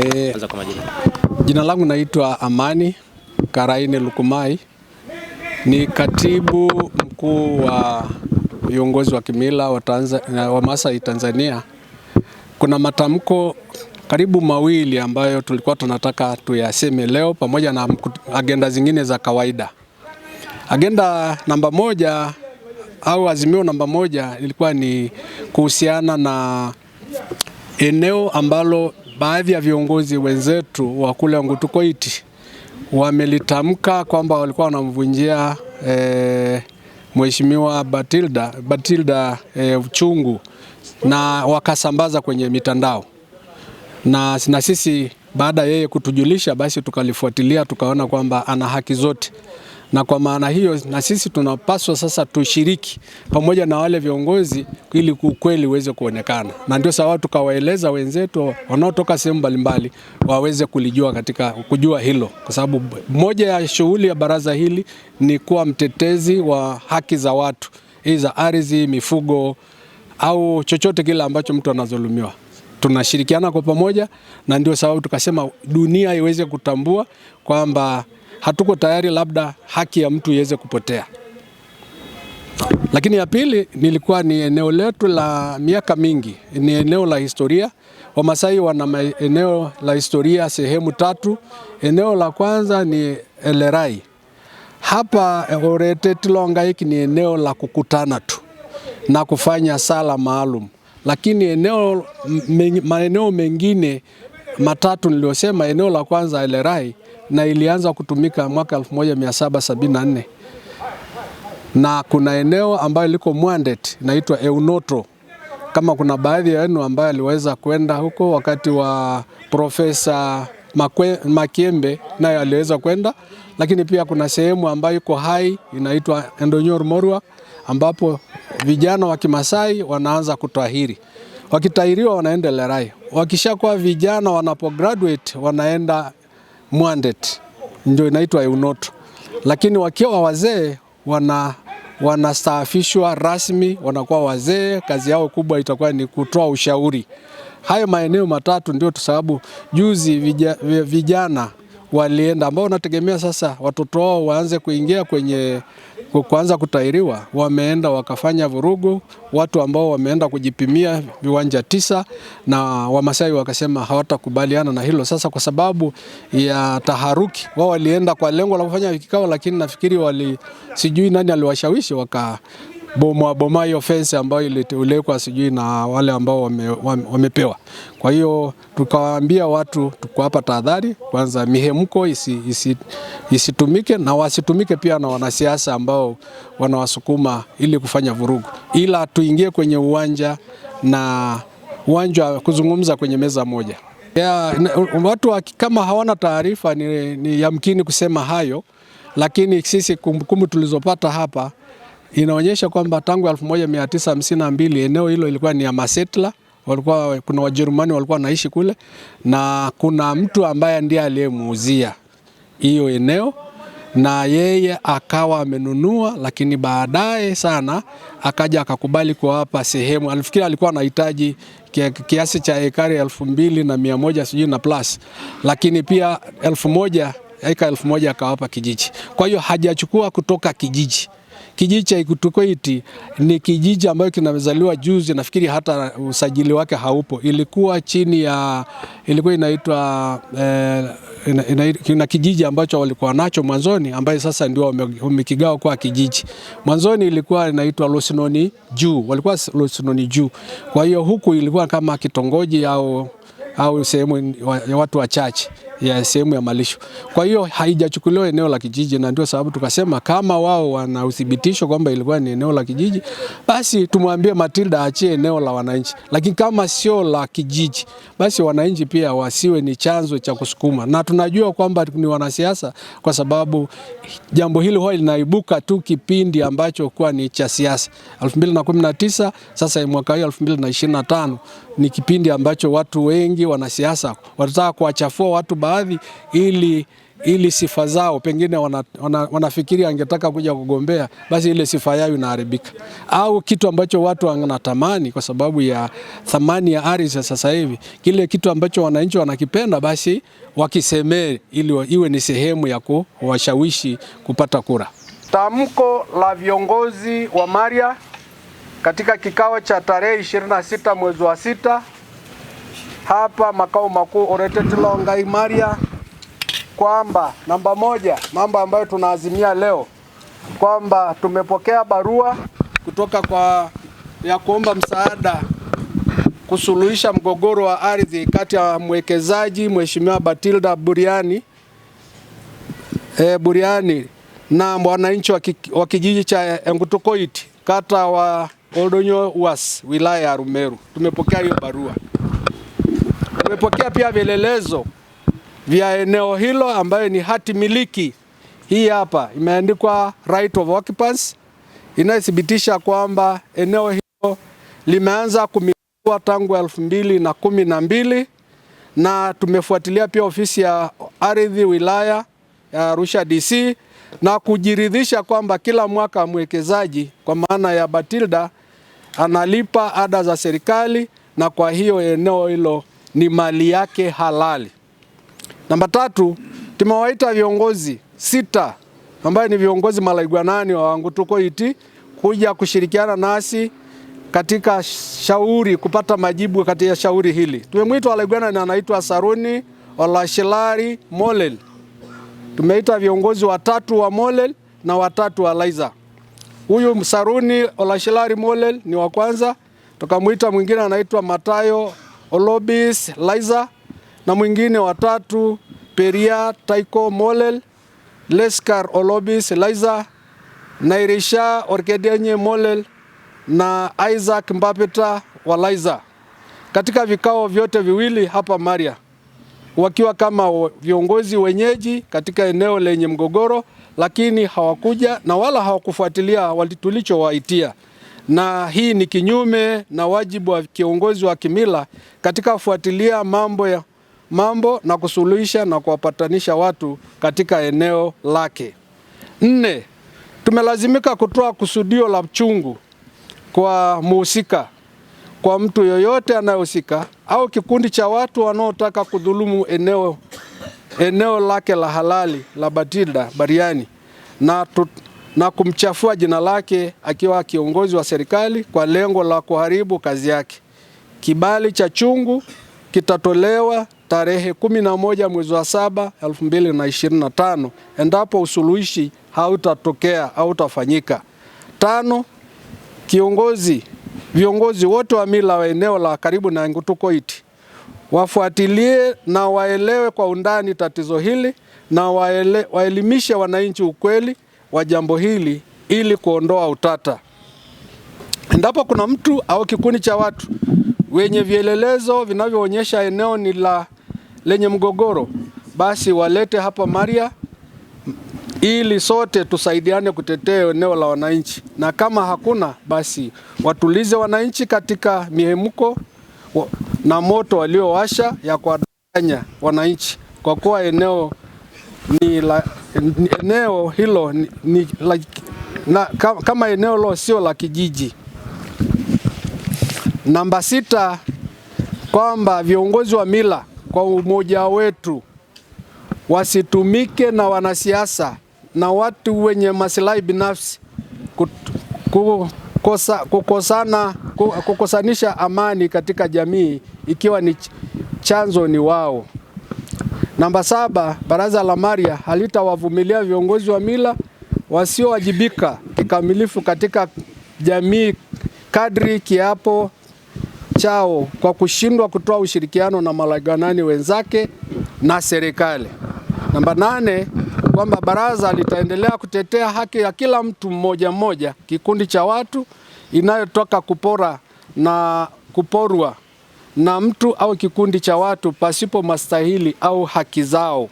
Eh, jina langu naitwa Amani Karaine Lukumai, ni katibu mkuu wa viongozi wa kimila wa, Tanzania, wa Masai Tanzania. Kuna matamko karibu mawili ambayo tulikuwa tunataka tuyaseme leo pamoja na agenda zingine za kawaida. Agenda namba moja au azimio namba moja ilikuwa ni kuhusiana na eneo ambalo baadhi ya viongozi wenzetu wa kule Ngutukoiti wamelitamka kwamba walikuwa wanamvunjia e, Mheshimiwa Batilda, Batilda e, uchungu na wakasambaza kwenye mitandao na, na sisi baada yeye kutujulisha basi tukalifuatilia tukaona kwamba ana haki zote na kwa maana hiyo, na sisi tunapaswa sasa tushiriki pamoja na wale viongozi ili ukweli uweze kuonekana, na ndio sawa tukawaeleza wenzetu wanaotoka sehemu mbalimbali waweze kulijua katika kujua hilo, kwa sababu moja ya shughuli ya baraza hili ni kuwa mtetezi wa haki za watu, hii za ardhi, mifugo au chochote kile ambacho mtu anadhulumiwa tunashirikiana kwa pamoja, na ndio sababu tukasema dunia iweze kutambua kwamba hatuko tayari labda haki ya mtu iweze kupotea. Lakini ya pili nilikuwa ni eneo letu la miaka mingi, ni eneo la historia. Wamasai wana eneo la historia sehemu tatu. Eneo la kwanza ni Elerai. Hapa oretetilongaiki ni eneo la kukutana tu na kufanya sala maalum, lakini eneo maeneo mengine matatu niliyosema, eneo la kwanza Elerai na ilianza kutumika mwaka 1774 na kuna eneo ambayo liko Mwandet inaitwa Eunoto. Kama kuna baadhi ya wenu ambayo aliweza kwenda huko wakati wa Profesa Makiembe, naye aliweza kwenda, lakini pia kuna sehemu ambayo iko hai inaitwa Endonyor Morwa, ambapo vijana wa Kimasai wanaanza kutahiri. Wakitahiriwa wanaenda Lerai, wakishakuwa vijana graduate wanaenda mwandet ndio inaitwa EUNOTO, lakini wakiwa wazee wana wanastaafishwa rasmi, wanakuwa wazee. Kazi yao kubwa itakuwa ni kutoa ushauri. Hayo maeneo matatu ndio, sababu juzi vijana walienda ambao wanategemea sasa watoto wao waanze kuingia kwenye kuanza kutairiwa, wameenda wakafanya vurugu. Watu ambao wameenda kujipimia viwanja tisa, na Wamasai wakasema hawatakubaliana na hilo. Sasa kwa sababu ya taharuki, wao walienda kwa lengo la kufanya kikao, lakini nafikiri wali, sijui nani aliwashawishi waka bomoa bomoa hiyo fence ambayo iliwekwa sijui na wale ambao wame, wame, wamepewa. Kwa hiyo tukawaambia watu tukuwapa tahadhari, kwanza mihemko isi, isi, isitumike na wasitumike pia na wanasiasa ambao wanawasukuma ili kufanya vurugu, ila tuingie kwenye uwanja na uwanja kuzungumza kwenye meza moja. Ya, watu kama hawana taarifa ni, ni yamkini kusema hayo, lakini sisi kumbukumbu tulizopata hapa inaonyesha kwamba tangu 1952 eneo hilo ilikuwa ni ya masetla, walikuwa kuna Wajerumani walikuwa wanaishi kule, na kuna mtu ambaye ndiye aliyemuuzia hiyo eneo na yeye akawa amenunua, lakini baadaye sana akaja akakubali kuwapa sehemu. Alifikiri alikuwa anahitaji kiasi cha ekari elfu mbili na mia moja sijui na plus, lakini pia elfu moja eka elfu moja akawapa kijiji. Kwa hiyo hajachukua kutoka kijiji. Kijiji cha Ikutukoiti ni kijiji ambayo kinazaliwa juzi, nafikiri hata usajili wake haupo. Ilikuwa chini ya ilikuwa inaitwa eh, ina, ina, ina kijiji ambacho walikuwa nacho mwanzoni, ambaye sasa ndio wamekigawa kwa kijiji. Mwanzoni ilikuwa inaitwa Losinoni Juu, walikuwa Losinoni Juu. Kwa hiyo huku ilikuwa kama kitongoji au au sehemu ya watu wachache ya sehemu ya malisho. Kwa hiyo haijachukuliwa eneo la kijiji, na ndio sababu tukasema kama wao wana uthibitisho kwamba ilikuwa ni eneo la kijiji, basi tumwambie Matilda achie eneo la wananchi, lakini kama sio la kijiji, basi wananchi pia wasiwe ni chanzo cha kusukuma, na tunajua kwamba ni wanasiasa, kwa sababu jambo hili huwa linaibuka tu kipindi ambacho kwa ni cha siasa 2019. Sasa mwaka huu 2025 ni kipindi ambacho watu wengi wanasiasa wanataka kuwachafua watu baadhi ili ili sifa zao pengine wana, wana, wanafikiria angetaka kuja kugombea basi ile sifa yao inaharibika, au kitu ambacho watu wanatamani kwa sababu ya thamani ya ardhi sasa hivi, kile kitu ambacho wananchi wanakipenda basi wakisemee, ili iwe ni sehemu ya kuwashawishi kupata kura. Tamko la viongozi wa Maria katika kikao cha tarehe 26 mwezi wa sita hapa makao makuu Oretete Longai Maria kwamba namba moja, mambo ambayo tunaazimia leo kwamba tumepokea barua kutoka kwa ya kuomba msaada kusuluhisha mgogoro wa ardhi kati ya mwekezaji Mheshimiwa Batilda Buriani, e, Buriani na mwananchi wa kijiji cha Engutukoit kata wa Oldonyo Uas wilaya ya Rumeru. Tumepokea hiyo barua wamepokea pia vielelezo vya eneo hilo ambayo ni hati miliki. Hii hapa imeandikwa right of occupancy inayothibitisha kwamba eneo hilo limeanza kumilikiwa tangu elfu mbili na kumi na mbili na tumefuatilia pia ofisi ya ardhi wilaya ya Arusha DC na kujiridhisha kwamba kila mwaka mwekezaji kwa maana ya Batilda analipa ada za serikali na kwa hiyo eneo hilo ni mali yake halali. Namba tatu, tumewaita viongozi sita ambayo ni viongozi malaigwanani wa wangu tuko iti kuja kushirikiana nasi katika shauri kupata majibu katika shauri hili. Tumemwita na anaitwa Saruni Olashilari Molel. Tumeita viongozi watatu wa Molel na watatu wa Laiza. Huyu Saruni Olashilari Molel ni wa kwanza, tukamwita mwingine anaitwa Matayo Olobis Liza na mwingine watatu Peria Taiko Molel Leskar Olobis Liza Nairisha Orkedenye Molel na Isaac Mbapeta wa Liza katika vikao vyote viwili hapa Maria wakiwa kama viongozi wenyeji katika eneo lenye mgogoro, lakini hawakuja na wala hawakufuatilia walitulichowaitia na hii ni kinyume na wajibu wa kiongozi wa kimila katika kufuatilia mambo ya mambo na kusuluhisha na kuwapatanisha watu katika eneo lake. Nne, tumelazimika kutoa kusudio la mchungu kwa muhusika, kwa mtu yoyote anayehusika au kikundi cha watu wanaotaka kudhulumu eneo, eneo lake la halali la Batida Bariani na tut na kumchafua jina lake akiwa kiongozi wa serikali kwa lengo la kuharibu kazi yake. Kibali cha chungu kitatolewa tarehe 11 mwezi wa 7 2025 endapo usuluhishi hautatokea au utafanyika. Tano, kiongozi viongozi wote wa mila wa eneo la karibu na Ngutukoiti wafuatilie na waelewe kwa undani tatizo hili na waele, waelimishe wananchi ukweli wa jambo hili ili kuondoa utata. Endapo kuna mtu au kikundi cha watu wenye vielelezo vinavyoonyesha eneo ni la lenye mgogoro, basi walete hapa Maria ili sote tusaidiane kutetea eneo la wananchi, na kama hakuna basi watulize wananchi katika mihemuko na moto waliowasha ya kuwadanganya wananchi, kwa kuwa eneo ni la eneo hilo ni, ni, like, na, kama eneo hilo sio la kijiji. Namba sita, kwamba viongozi wa mila kwa umoja wetu wasitumike na wanasiasa na watu wenye maslahi binafsi kukosa, kukosana, kukosanisha amani katika jamii ikiwa ni chanzo ni wao. Namba saba, baraza la Maria halitawavumilia viongozi wa mila wasiowajibika kikamilifu katika jamii kadri kiapo chao kwa kushindwa kutoa ushirikiano na malaganani wenzake na serikali. Namba nane, kwamba baraza litaendelea kutetea haki ya kila mtu mmoja mmoja, kikundi cha watu inayotoka kupora na kuporwa na mtu au kikundi cha watu pasipo mastahili au haki zao.